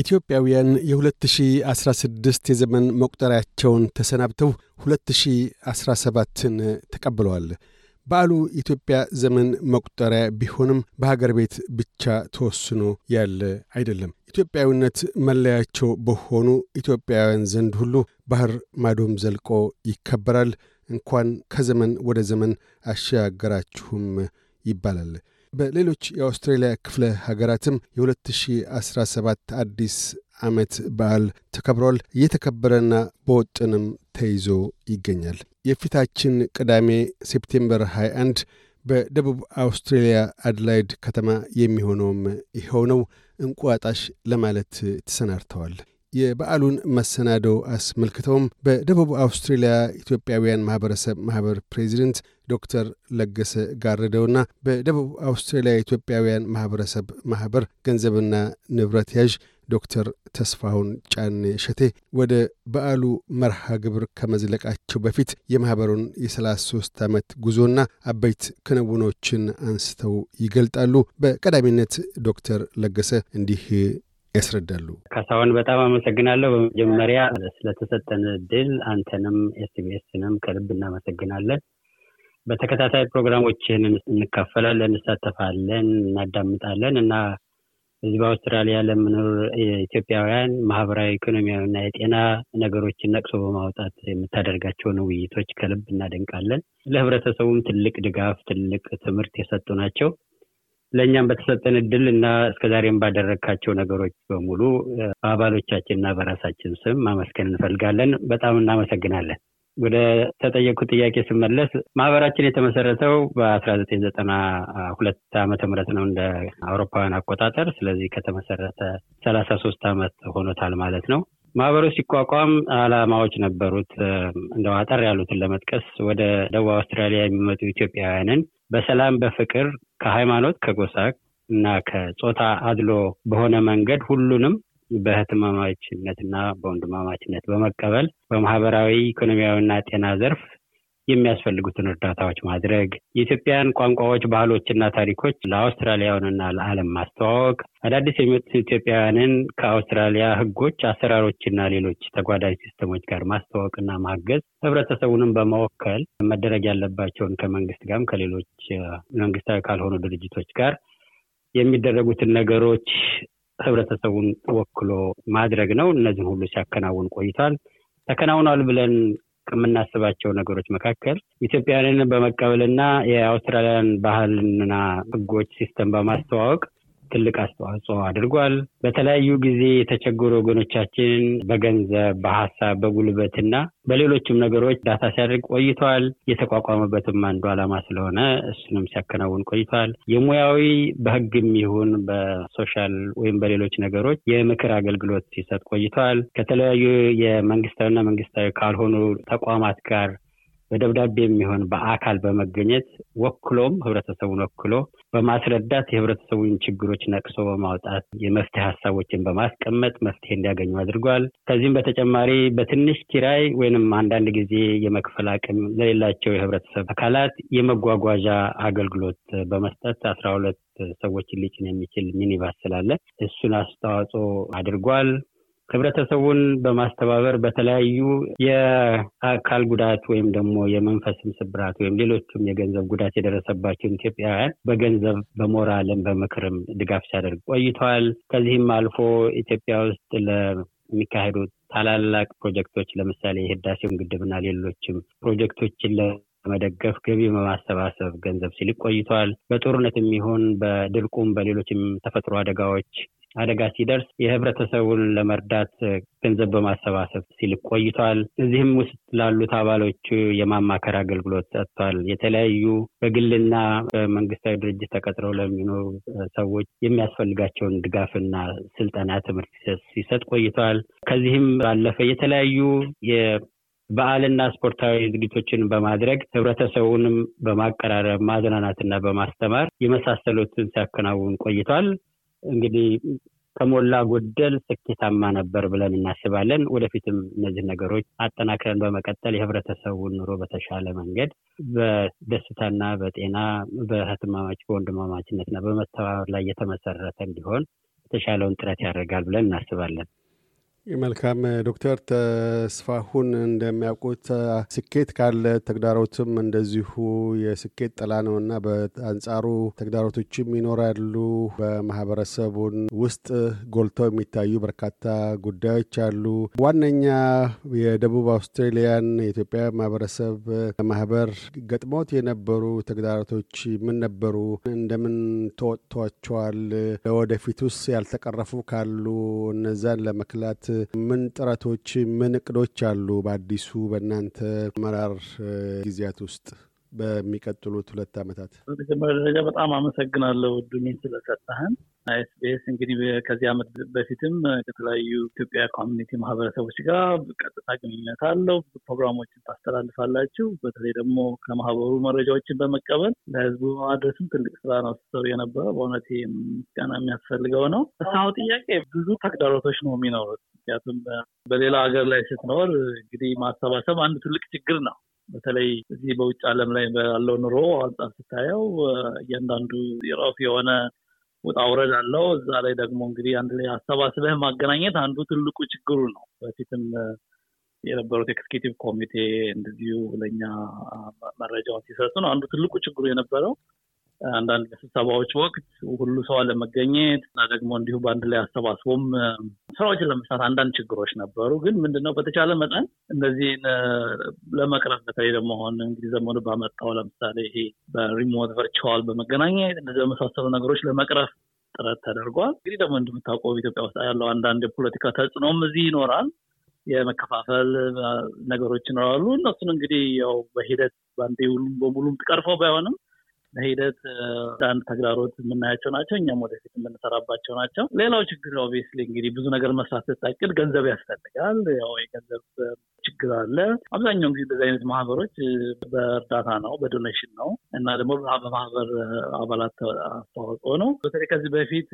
ኢትዮጵያውያን የ2016 የዘመን መቁጠሪያቸውን ተሰናብተው 2017ን ተቀብለዋል። በዓሉ ኢትዮጵያ ዘመን መቁጠሪያ ቢሆንም በሀገር ቤት ብቻ ተወስኖ ያለ አይደለም። ኢትዮጵያዊነት መለያቸው በሆኑ ኢትዮጵያውያን ዘንድ ሁሉ ባህር ማዶም ዘልቆ ይከበራል። እንኳን ከዘመን ወደ ዘመን አሸጋገራችሁም ይባላል። በሌሎች የአውስትሬልያ ክፍለ ሀገራትም የ2017 አዲስ ዓመት በዓል ተከብሯል። እየተከበረና በወጥንም ተይዞ ይገኛል። የፊታችን ቅዳሜ ሴፕቴምበር 21 በደቡብ አውስትሬልያ አድላይድ ከተማ የሚሆነውም ይኸው ነው። እንቁጣጣሽ ለማለት ተሰናድተዋል። የበዓሉን መሰናዶ አስመልክተውም በደቡብ አውስትሬልያ ኢትዮጵያውያን ማኅበረሰብ ማኅበር ፕሬዚደንት ዶክተር ለገሰ ጋርደውና በደቡብ አውስትራሊያ ኢትዮጵያውያን ማህበረሰብ ማህበር ገንዘብና ንብረት ያዥ ዶክተር ተስፋሁን ጫኔ ሸቴ ወደ በዓሉ መርሃ ግብር ከመዝለቃቸው በፊት የማኅበሩን የ33 ዓመት ጉዞና አበይት ክንውኖችን አንስተው ይገልጣሉ። በቀዳሚነት ዶክተር ለገሰ እንዲህ ያስረዳሉ። ካሳሁን በጣም አመሰግናለሁ። በመጀመሪያ ስለተሰጠን እድል አንተንም ኤስቢኤስንም ከልብ እናመሰግናለን። በተከታታይ ፕሮግራሞችን እንካፈላለን፣ እንሳተፋለን፣ እናዳምጣለን እና እዚህ በአውስትራሊያ ለምኖር ኢትዮጵያውያን ማህበራዊ፣ እና የጤና ነገሮችን ነቅሶ በማውጣት የምታደርጋቸውን ውይይቶች ከልብ እናደንቃለን። ለህብረተሰቡም ትልቅ ድጋፍ፣ ትልቅ ትምህርት የሰጡ ናቸው። ለእኛም በተሰጠን እድል እና እስከዛሬም ባደረግካቸው ነገሮች በሙሉ በአባሎቻችን እና በራሳችን ስም ማመስገን እንፈልጋለን። በጣም እናመሰግናለን። ወደ ተጠየቅኩት ጥያቄ ስመለስ ማህበራችን የተመሰረተው በ1992 ዓመተ ምህረት ነው እንደ አውሮፓውያን አቆጣጠር። ስለዚህ ከተመሰረተ 33 ዓመት ሆኖታል ማለት ነው። ማህበሩ ሲቋቋም አላማዎች ነበሩት። እንደው አጠር ያሉትን ለመጥቀስ ወደ ደቡብ አውስትራሊያ የሚመጡ ኢትዮጵያውያንን በሰላም በፍቅር፣ ከሃይማኖት፣ ከጎሳ እና ከጾታ አድሎ በሆነ መንገድ ሁሉንም በእህትማማችነትና በወንድማማችነት በመቀበል በማህበራዊ ኢኮኖሚያዊና ጤና ዘርፍ የሚያስፈልጉትን እርዳታዎች ማድረግ፣ የኢትዮጵያን ቋንቋዎች፣ ባህሎችና ታሪኮች ለአውስትራሊያውያንና ለዓለም ማስተዋወቅ፣ አዳዲስ የሚመጡት ኢትዮጵያውያንን ከአውስትራሊያ ሕጎች፣ አሰራሮችና ሌሎች ተጓዳኝ ሲስተሞች ጋር ማስተዋወቅና ማገዝ፣ ህብረተሰቡንም በመወከል መደረግ ያለባቸውን ከመንግስት ጋርም ከሌሎች መንግስታዊ ካልሆኑ ድርጅቶች ጋር የሚደረጉትን ነገሮች ህብረተሰቡን ወክሎ ማድረግ ነው። እነዚህን ሁሉ ሲያከናውን ቆይቷል። ተከናውኗል ብለን ከምናስባቸው ነገሮች መካከል ኢትዮጵያውያንን በመቀበልና የአውስትራሊያን ባህልና ህጎች ሲስተም በማስተዋወቅ ትልቅ አስተዋጽኦ አድርጓል። በተለያዩ ጊዜ የተቸገሩ ወገኖቻችንን በገንዘብ፣ በሀሳብ፣ በጉልበትና በሌሎችም ነገሮች እርዳታ ሲያደርግ ቆይቷል። የተቋቋመበትም አንዱ ዓላማ ስለሆነ እሱንም ሲያከናውን ቆይቷል። የሙያዊ በህግም ይሁን በሶሻል ወይም በሌሎች ነገሮች የምክር አገልግሎት ሲሰጥ ቆይቷል። ከተለያዩ የመንግስታዊና መንግስታዊ ካልሆኑ ተቋማት ጋር በደብዳቤ የሚሆን በአካል በመገኘት ወክሎም ህብረተሰቡን ወክሎ በማስረዳት የህብረተሰቡን ችግሮች ነቅሶ በማውጣት የመፍትሄ ሀሳቦችን በማስቀመጥ መፍትሄ እንዲያገኙ አድርጓል። ከዚህም በተጨማሪ በትንሽ ኪራይ ወይንም አንዳንድ ጊዜ የመክፈል አቅም ለሌላቸው የህብረተሰብ አካላት የመጓጓዣ አገልግሎት በመስጠት አስራ ሁለት ሰዎችን ሊጭን የሚችል ሚኒባስ ስላለ እሱን አስተዋጽኦ አድርጓል። ህብረተሰቡን በማስተባበር በተለያዩ የአካል ጉዳት ወይም ደግሞ የመንፈስም ስብራት ወይም ሌሎችም የገንዘብ ጉዳት የደረሰባቸውን ኢትዮጵያውያን በገንዘብ በሞራልም በምክርም ድጋፍ ሲያደርግ ቆይተዋል። ከዚህም አልፎ ኢትዮጵያ ውስጥ ለሚካሄዱ ታላላቅ ፕሮጀክቶች ለምሳሌ የህዳሴውን ግድብና ሌሎችም ፕሮጀክቶችን ለመደገፍ ገቢ በማሰባሰብ ገንዘብ ሲል ቆይተዋል። በጦርነት የሚሆን በድርቁም በሌሎችም ተፈጥሮ አደጋዎች አደጋ ሲደርስ የህብረተሰቡን ለመርዳት ገንዘብ በማሰባሰብ ሲል ቆይቷል። እዚህም ውስጥ ላሉት አባሎቹ የማማከር አገልግሎት ሰጥቷል። የተለያዩ በግልና በመንግስታዊ ድርጅት ተቀጥረው ለሚኖሩ ሰዎች የሚያስፈልጋቸውን ድጋፍና ስልጠና፣ ትምህርት ሲሰጥ ቆይቷል። ከዚህም ባለፈ የተለያዩ በዓልና ስፖርታዊ ዝግጅቶችን በማድረግ ህብረተሰቡንም በማቀራረብ ማዝናናትና በማስተማር የመሳሰሉትን ሲያከናውን ቆይቷል። እንግዲህ ከሞላ ጎደል ስኬታማ ነበር ብለን እናስባለን። ወደፊትም እነዚህ ነገሮች አጠናክረን በመቀጠል የህብረተሰቡን ኑሮ በተሻለ መንገድ በደስታና በጤና በህትማማች በወንድማማችነትና በመተባበር ላይ የተመሰረተ እንዲሆን የተሻለውን ጥረት ያደርጋል ብለን እናስባለን። መልካም ዶክተር ተስፋሁን እንደሚያውቁት ስኬት ካለ ተግዳሮትም እንደዚሁ የስኬት ጥላ እና በአንጻሩ ተግዳሮቶችም ይኖራሉ። በማህበረሰቡን ውስጥ ጎልተው የሚታዩ በርካታ ጉዳዮች አሉ። ዋነኛ የደቡብ አውስትሬሊያን የኢትዮጵያ ማህበረሰብ ማህበር ገጥሞት የነበሩ ተግዳሮቶች ምን ነበሩ? እንደምን ተወጥቷቸዋል? ለወደፊቱስ ያልተቀረፉ ካሉ እነዛን ለመክላት ምን ጥረቶች፣ ምን እቅዶች አሉ በአዲሱ በእናንተ አመራር ጊዜያት ውስጥ? በሚቀጥሉት ሁለት ዓመታት? በመጀመሪያ ደረጃ በጣም አመሰግናለሁ እድሉን ስለሰጠህን። ኤስቢኤስ እንግዲህ ከዚህ ዓመት በፊትም ከተለያዩ ኢትዮጵያ ኮሚኒቲ ማህበረሰቦች ጋር ቀጥታ ግንኙነት አለው። ብዙ ፕሮግራሞችን ታስተላልፋላችሁ። በተለይ ደግሞ ከማህበሩ መረጃዎችን በመቀበል ለህዝቡ ማድረስም ትልቅ ስራ ነው ስትሰሩ የነበረ። በእውነት ምስጋና የሚያስፈልገው ነው። እሳሁ ጥያቄ ብዙ ተግዳሮቶች ነው የሚኖሩት። ምክንያቱም በሌላ ሀገር ላይ ስትኖር እንግዲህ ማሰባሰብ አንድ ትልቅ ችግር ነው። በተለይ እዚህ በውጭ ዓለም ላይ ባለው ኑሮ አንጻር ስታየው እያንዳንዱ የራሱ የሆነ ውጣ ውረድ አለው። እዛ ላይ ደግሞ እንግዲህ አንድ ላይ አሰባስበህ ማገናኘት አንዱ ትልቁ ችግሩ ነው። በፊትም የነበሩት ኤክስኪቲቭ ኮሚቴ እንደዚሁ ለእኛ መረጃውን ነው አንዱ ትልቁ ችግሩ የነበረው አንዳንድ ስብሰባዎች ወቅት ሁሉ ሰው አለመገኘት እና ደግሞ እንዲሁ በአንድ ላይ አሰባስቦም ስራዎችን ለመስራት አንዳንድ ችግሮች ነበሩ። ግን ምንድነው በተቻለ መጠን እነዚህን ለመቅረፍ በተለይ ደግሞ አሁን እንግዲህ ዘመኑ ባመጣው ለምሳሌ ይሄ በሪሞት ቨርቹዋል፣ በመገናኘት እነዚህ በመሳሰሉ ነገሮች ለመቅረፍ ጥረት ተደርጓል። እንግዲህ ደግሞ እንደምታውቀው ኢትዮጵያ ውስጥ ያለው አንዳንድ የፖለቲካ ተጽዕኖም እዚህ ይኖራል። የመከፋፈል ነገሮች ይኖራሉ። እነሱን እንግዲህ ያው በሂደት በአንዴ ሁሉም በሙሉም ትቀርፈው ባይሆንም ለሂደት አንድ ተግዳሮት የምናያቸው ናቸው። እኛም ወደፊት የምንሰራባቸው ናቸው። ሌላው ችግር ኦብቪየስሊ እንግዲህ ብዙ ነገር መስራት ስታቅድ ገንዘብ ያስፈልጋል። ያው የገንዘብ ችግር አለ። አብዛኛውን ጊዜ እንደዚህ አይነት ማህበሮች በእርዳታ ነው፣ በዶኔሽን ነው እና ደግሞ በማህበር አባላት አስተዋጽኦ ነው። በተለይ ከዚህ በፊት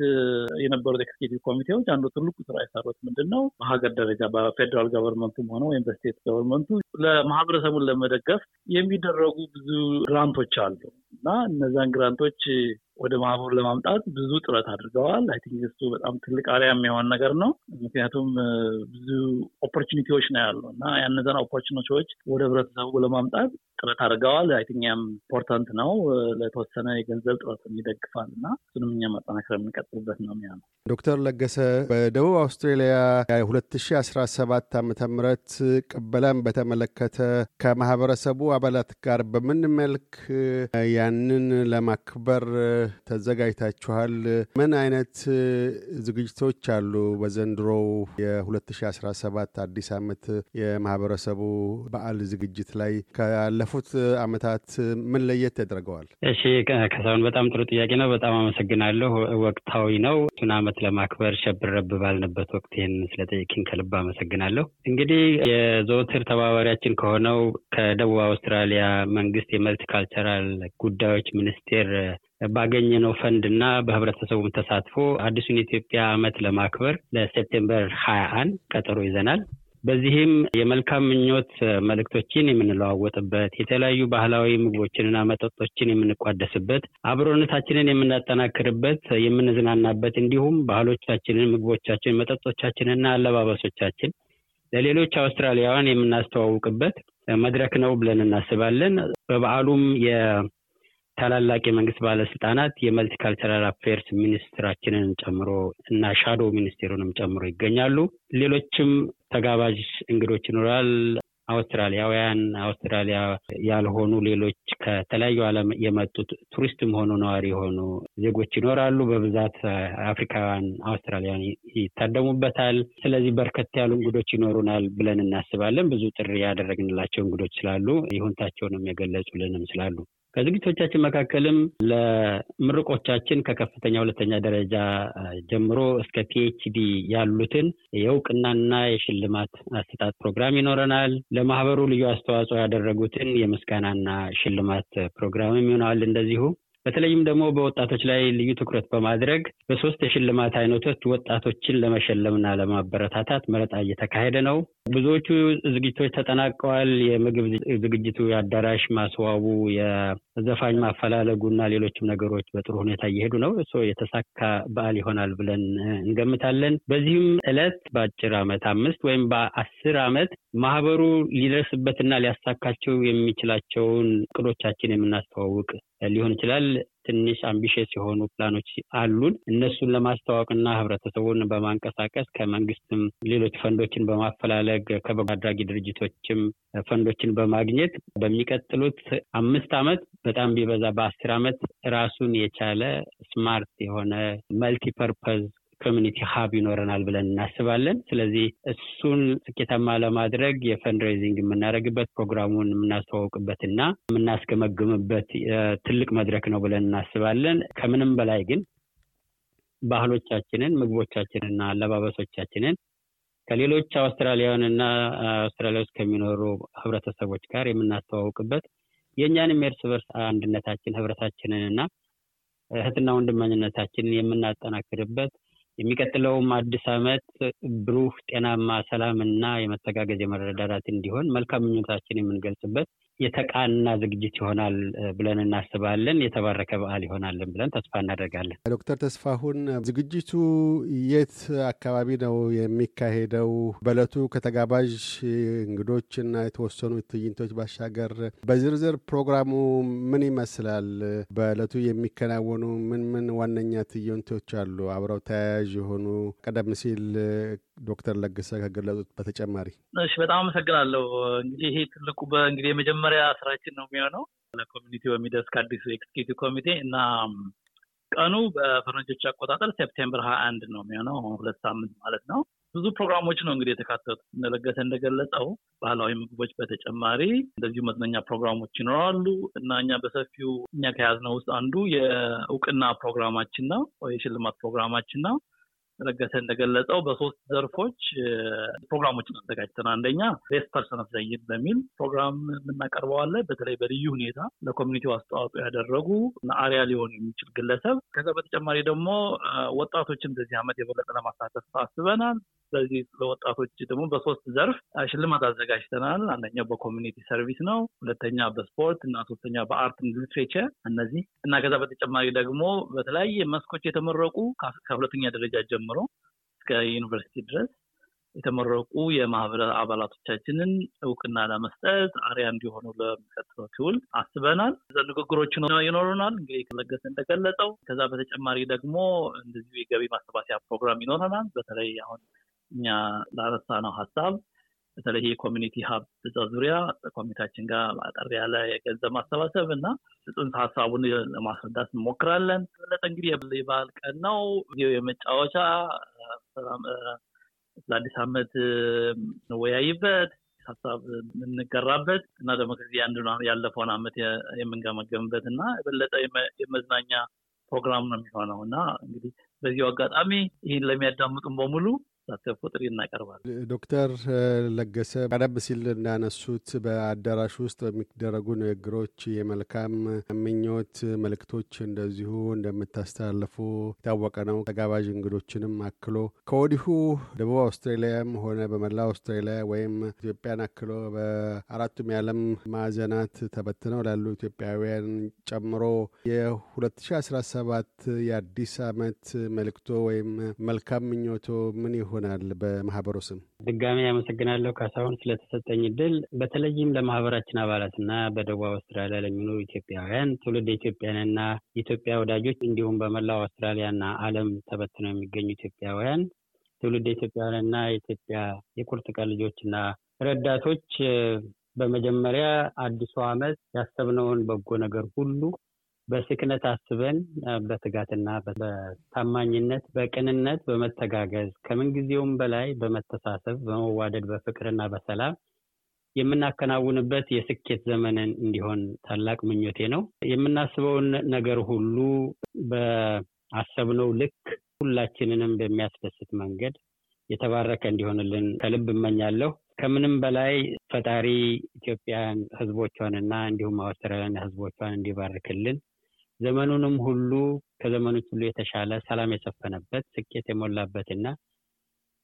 የነበሩት ኤክስኪቲቭ ኮሚቴዎች አንዱ ትልቁ ስራ የሰሩት ምንድን ነው? በሀገር ደረጃ በፌዴራል ገቨርንመንቱም ሆነ ወይም በስቴት ገቨርንመንቱ ለማህበረሰቡን ለመደገፍ የሚደረጉ ብዙ ግራንቶች አሉ። እና እነዛን ግራንቶች ወደ ማህበሩ ለማምጣት ብዙ ጥረት አድርገዋል። አይ ቲንክ እሱ በጣም ትልቅ አሪያ የሚሆን ነገር ነው። ምክንያቱም ብዙ ኦፖርቹኒቲዎች ነው ያሉ እና ያነዛን ኦፖርቹኒቲዎች ወደ ህብረተሰቡ ለማምጣት ጥረት አድርገዋል። አይ ቲንክ ያም ኢምፖርታንት ነው። ለተወሰነ የገንዘብ ጥረት ይደግፋል እና እሱንም እኛ ማጠናከር የምንቀጥልበት ነው ሚያ ነው። ዶክተር ለገሰ በደቡብ አውስትሬሊያ የ2017 ዓ ም ቅበላን በተመለከተ ከማህበረሰቡ አባላት ጋር በምን መልክ ያንን ለማክበር ተዘጋጅታችኋል። ምን አይነት ዝግጅቶች አሉ? በዘንድሮው የ2017 አዲስ ዓመት የማህበረሰቡ በዓል ዝግጅት ላይ ካለፉት ዓመታት ምን ለየት ያደርገዋል? እሺ ከሰውን በጣም ጥሩ ጥያቄ ነው። በጣም አመሰግናለሁ። ወቅታዊ ነው። እሱን ዓመት ለማክበር ሸብረብ ባልንበት ወቅት ይህን ስለጠየቅኝ ከልብ አመሰግናለሁ። እንግዲህ የዘወትር ተባባሪያችን ከሆነው ከደቡብ አውስትራሊያ መንግስት የመልቲካልቸራል ጉዳዮች ሚኒስቴር ባገኘነው ፈንድ እና በህብረተሰቡም ተሳትፎ አዲሱን የኢትዮጵያ ዓመት ለማክበር ለሴፕቴምበር ሀያ አንድ ቀጠሮ ይዘናል። በዚህም የመልካም ምኞት መልእክቶችን የምንለዋወጥበት የተለያዩ ባህላዊ ምግቦችንና መጠጦችን የምንቋደስበት፣ አብሮነታችንን የምናጠናክርበት፣ የምንዝናናበት እንዲሁም ባህሎቻችንን፣ ምግቦቻችን፣ መጠጦቻችንና አለባበሶቻችን ለሌሎች አውስትራሊያውያን የምናስተዋውቅበት መድረክ ነው ብለን እናስባለን። በበዓሉም ታላላቅ የመንግስት ባለስልጣናት የመልቲካልቸራል አፌርስ ሚኒስትራችንን ጨምሮ እና ሻዶ ሚኒስቴሩንም ጨምሮ ይገኛሉ። ሌሎችም ተጋባዥ እንግዶች ይኖራል። አውስትራሊያውያን፣ አውስትራሊያ ያልሆኑ ሌሎች ከተለያዩ ዓለም የመጡ ቱሪስትም ሆኑ ነዋሪ የሆኑ ዜጎች ይኖራሉ። በብዛት አፍሪካውያን፣ አውስትራሊያውያን ይታደሙበታል። ስለዚህ በርከት ያሉ እንግዶች ይኖሩናል ብለን እናስባለን። ብዙ ጥሪ ያደረግንላቸው እንግዶች ስላሉ ይሁንታቸውንም የገለጹልንም ስላሉ ከዝግጅቶቻችን መካከልም ለምርቆቻችን ከከፍተኛ ሁለተኛ ደረጃ ጀምሮ እስከ ፒኤችዲ ያሉትን የእውቅናና የሽልማት አሰጣጥ ፕሮግራም ይኖረናል። ለማህበሩ ልዩ አስተዋጽኦ ያደረጉትን የምስጋናና ሽልማት ፕሮግራምም ይሆናል እንደዚሁ በተለይም ደግሞ በወጣቶች ላይ ልዩ ትኩረት በማድረግ በሶስት የሽልማት አይነቶች ወጣቶችን ለመሸለምና ለማበረታታት መረጣ እየተካሄደ ነው። ብዙዎቹ ዝግጅቶች ተጠናቀዋል። የምግብ ዝግጅቱ፣ የአዳራሽ ማስዋቡ፣ የዘፋኝ ማፈላለጉ እና ሌሎችም ነገሮች በጥሩ ሁኔታ እየሄዱ ነው። የተሳካ በዓል ይሆናል ብለን እንገምታለን። በዚህም ዕለት በአጭር ዓመት አምስት ወይም በአስር አመት ማህበሩ ሊደርስበትና ሊያሳካቸው የሚችላቸውን እቅዶቻችን የምናስተዋውቅ ሊሆን ይችላል። ትንሽ አምቢሽስ የሆኑ ፕላኖች አሉን። እነሱን ለማስተዋወቅና ህብረተሰቡን በማንቀሳቀስ ከመንግስትም ሌሎች ፈንዶችን በማፈላለግ ከበጎ አድራጊ ድርጅቶችም ፈንዶችን በማግኘት በሚቀጥሉት አምስት ዓመት በጣም ቢበዛ በአስር ዓመት ራሱን የቻለ ስማርት የሆነ መልቲፐርፐዝ ኮሚኒቲ ሀብ ይኖረናል ብለን እናስባለን። ስለዚህ እሱን ስኬታማ ለማድረግ የፈንድሬዚንግ የምናደርግበት ፕሮግራሙን የምናስተዋውቅበት እና የምናስገመግምበት ትልቅ መድረክ ነው ብለን እናስባለን። ከምንም በላይ ግን ባህሎቻችንን፣ ምግቦቻችንና አለባበሶቻችንን ከሌሎች አውስትራሊያውያን እና አውስትራሊያ ውስጥ ከሚኖሩ ህብረተሰቦች ጋር የምናስተዋውቅበት የእኛንም የእርስ በርስ አንድነታችን ህብረታችንን እና እህትና ወንድመኝነታችንን የምናጠናክርበት የሚቀጥለውም አዲስ ዓመት ብሩህ፣ ጤናማ፣ ሰላም እና የመተጋገዝ የመረዳዳት እንዲሆን መልካም ምኞታችን የምንገልጽበት የተቃና ዝግጅት ይሆናል ብለን እናስባለን። የተባረከ በዓል ይሆናልን ብለን ተስፋ እናደርጋለን። ዶክተር ተስፋሁን ዝግጅቱ የት አካባቢ ነው የሚካሄደው? በእለቱ ከተጋባዥ እንግዶች እና የተወሰኑ ትዕይንቶች ባሻገር በዝርዝር ፕሮግራሙ ምን ይመስላል? በእለቱ የሚከናወኑ ምን ምን ዋነኛ ትዕይንቶች አሉ? አብረው ተያያዥ የሆኑ ቀደም ሲል ዶክተር ለገሰ ከገለጹት በተጨማሪ? እሺ፣ በጣም አመሰግናለሁ። እንግዲህ ይሄ ትልቁ በእንግዲህ የመጀመሪያ ስራችን ነው የሚሆነው ለኮሚኒቲ በሚደርስ ከአዲሱ ኤክስኪዩቲቭ ኮሚቴ እና ቀኑ በፈረንጆች አቆጣጠር ሴፕቴምበር ሀያ አንድ ነው የሚሆነው ሁለት ሳምንት ማለት ነው። ብዙ ፕሮግራሞች ነው እንግዲህ የተካተቱ እንደለገሰ እንደገለጸው ባህላዊ ምግቦች በተጨማሪ እንደዚሁ መዝናኛ ፕሮግራሞች ይኖራሉ እና እኛ በሰፊው እኛ ከያዝነው ውስጥ አንዱ የእውቅና ፕሮግራማችን ነው፣ የሽልማት ፕሮግራማችን ነው። ለገሰ እንደገለጸው በሶስት ዘርፎች ፕሮግራሞችን አዘጋጅተን አንደኛ ቤስት ፐርሰን ኦፍ በሚል ፕሮግራም የምናቀርበዋለን። በተለይ በልዩ ሁኔታ ለኮሚኒቲው አስተዋጽኦ ያደረጉ አሪያ ሊሆን የሚችል ግለሰብ። ከዛ በተጨማሪ ደግሞ ወጣቶችን በዚህ ዓመት የበለጠ ለማሳተፍ አስበናል። ስለዚህ ለወጣቶች ደግሞ በሶስት ዘርፍ ሽልማት አዘጋጅተናል። አንደኛው በኮሚኒቲ ሰርቪስ ነው፣ ሁለተኛ በስፖርት እና ሶስተኛ በአርት ሊትሬቸር እነዚህ እና ከዛ በተጨማሪ ደግሞ በተለያየ መስኮች የተመረቁ ከሁለተኛ ደረጃ ጀምሮ እስከ ዩኒቨርሲቲ ድረስ የተመረቁ የማህበረ አባላቶቻችንን እውቅና ለመስጠት አሪያ እንዲሆኑ ለሚቀጥለው ትውልድ አስበናል። ንግግሮች ይኖሩናል እንግዲህ ለገሰ እንደገለጸው። ከዛ በተጨማሪ ደግሞ እንደዚሁ የገቢ ማሰባሰያ ፕሮግራም ይኖረናል። በተለይ አሁን እኛ ላነሳ ነው ሀሳብ በተለይ የኮሚኒቲ ሀብ ዙሪያ ኮሚኒታችን ጋር አጠር ያለ የገንዘብ ማሰባሰብ እና ጽንሰ ሀሳቡን ለማስረዳት እንሞክራለን። በለጠ እንግዲህ የበዓል ቀን ነው፣ ጊዜው የመጫወቻ ለአዲስ አመት እንወያይበት፣ ሀሳብ የምንገራበት እና ደግሞ ከዚህ አንዱ ያለፈውን አመት የምንገመገምበት እና የበለጠ የመዝናኛ ፕሮግራም ነው የሚሆነው እና እንግዲህ በዚሁ አጋጣሚ ይህን ለሚያዳምጡን በሙሉ እንዲሳተፉ ጥሪ እናቀርባለን። ዶክተር ለገሰ ቀደም ሲል እንዳነሱት በአዳራሽ ውስጥ በሚደረጉ ንግግሮች የመልካም ምኞት መልእክቶች እንደዚሁ እንደምታስተላልፉ የታወቀ ነው። ተጋባዥ እንግዶችንም አክሎ ከወዲሁ ደቡብ አውስትራሊያም ሆነ በመላ አውስትራሊያ ወይም ኢትዮጵያን አክሎ በአራቱም የዓለም ማዕዘናት ተበትነው ላሉ ኢትዮጵያውያን ጨምሮ የ2017 የአዲስ ዓመት መልእክቶ ወይም መልካም ምኞቶ ምን ይሆ ይሆናል በማህበሩ ስም። ድጋሚ ያመሰግናለሁ ካሳሁን ስለተሰጠኝ እድል። በተለይም ለማህበራችን አባላትና በደቡብ አውስትራሊያ ለሚኖሩ ኢትዮጵያውያን፣ ትውልድ ኢትዮጵያንና ኢትዮጵያ ወዳጆች እንዲሁም በመላው አውስትራሊያና ዓለም ተበትነው የሚገኙ ኢትዮጵያውያን ትውልድ ኢትዮጵያውያንና የኢትዮጵያ የቁርጥ ቀን ልጆችና ረዳቶች በመጀመሪያ አዲሱ ዓመት ያሰብነውን በጎ ነገር ሁሉ በስክነት አስበን በትጋትና በታማኝነት በቅንነት በመተጋገዝ ከምንጊዜውም በላይ በመተሳሰብ በመዋደድ በፍቅርና በሰላም የምናከናውንበት የስኬት ዘመንን እንዲሆን ታላቅ ምኞቴ ነው። የምናስበውን ነገር ሁሉ በአሰብነው ልክ ሁላችንንም በሚያስደስት መንገድ የተባረከ እንዲሆንልን ከልብ እመኛለሁ። ከምንም በላይ ፈጣሪ ኢትዮጵያን ህዝቦቿንና እንዲሁም አውስትራሊያን ህዝቦቿን እንዲባርክልን ዘመኑንም ሁሉ ከዘመኖች ሁሉ የተሻለ ሰላም የሰፈነበት ስኬት የሞላበትና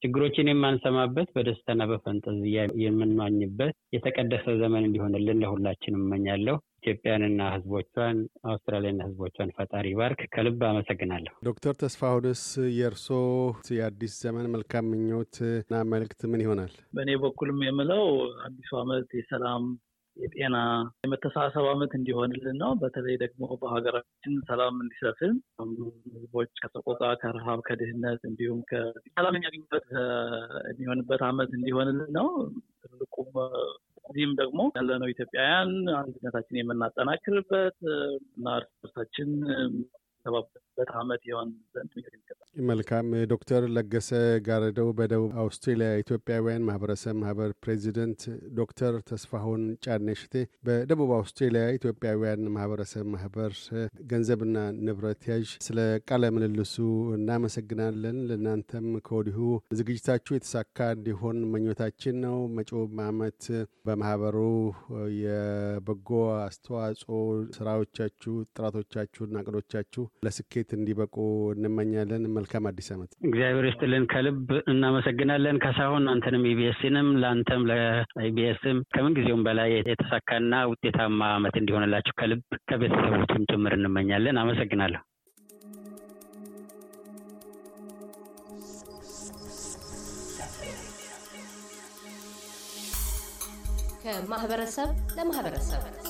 ችግሮችን የማንሰማበት በደስታና በፈንጠዝያ የምንማኝበት የተቀደሰ ዘመን እንዲሆንልን ለሁላችን እመኛለሁ። ኢትዮጵያንና ሕዝቦቿን አውስትራሊያና ሕዝቦቿን ፈጣሪ ባርክ። ከልብ አመሰግናለሁ። ዶክተር ተስፋሁንስ የእርሶ የአዲስ ዘመን መልካም ምኞት ምኞትና መልእክት ምን ይሆናል? በእኔ በኩልም የምለው አዲሱ አመት የሰላም የጤና የመተሳሰብ ዓመት እንዲሆንልን ነው። በተለይ ደግሞ በሀገራችን ሰላም እንዲሰፍን ህዝቦች ከሰቆቃ ከረሃብ፣ ከድህነት እንዲሁም ሰላም የሚያገኙበት የሚሆንበት ዓመት እንዲሆንልን ነው። ትልቁም እዚህም ደግሞ ያለነው ኢትዮጵያውያን አንድነታችን የምናጠናክርበት እና እርስ በርሳችን የሚተባበሩበት አመት የሆን ዘንድ ይገባል። መልካም ዶክተር ለገሰ ጋረደው በደቡብ አውስትሬሊያ ኢትዮጵያውያን ማህበረሰብ ማህበር ፕሬዚደንት፣ ዶክተር ተስፋሁን ጫኔሽቴ በደቡብ አውስትሬሊያ ኢትዮጵያውያን ማህበረሰብ ማህበር ገንዘብና ንብረት ያዥ፣ ስለ ቃለ ምልልሱ እናመሰግናለን። ለእናንተም ከወዲሁ ዝግጅታችሁ የተሳካ እንዲሆን መኞታችን ነው። መጪውም አመት በማህበሩ የበጎ አስተዋጽኦ ስራዎቻችሁ፣ ጥረቶቻችሁና እቅዶቻችሁ ለስኬት እንዲበቁ እንመኛለን። መልካም አዲስ ዓመት። እግዚአብሔር ይስጥልን። ከልብ እናመሰግናለን ካሳሁን፣ አንተንም ኢቢኤስንም፣ ለአንተም ለኢቢኤስም ከምን ጊዜውም በላይ የተሳካና ውጤታማ ዓመት እንዲሆንላችሁ ከልብ ከቤተሰቦችም ጭምር እንመኛለን። አመሰግናለሁ። ከማህበረሰብ ለማህበረሰብ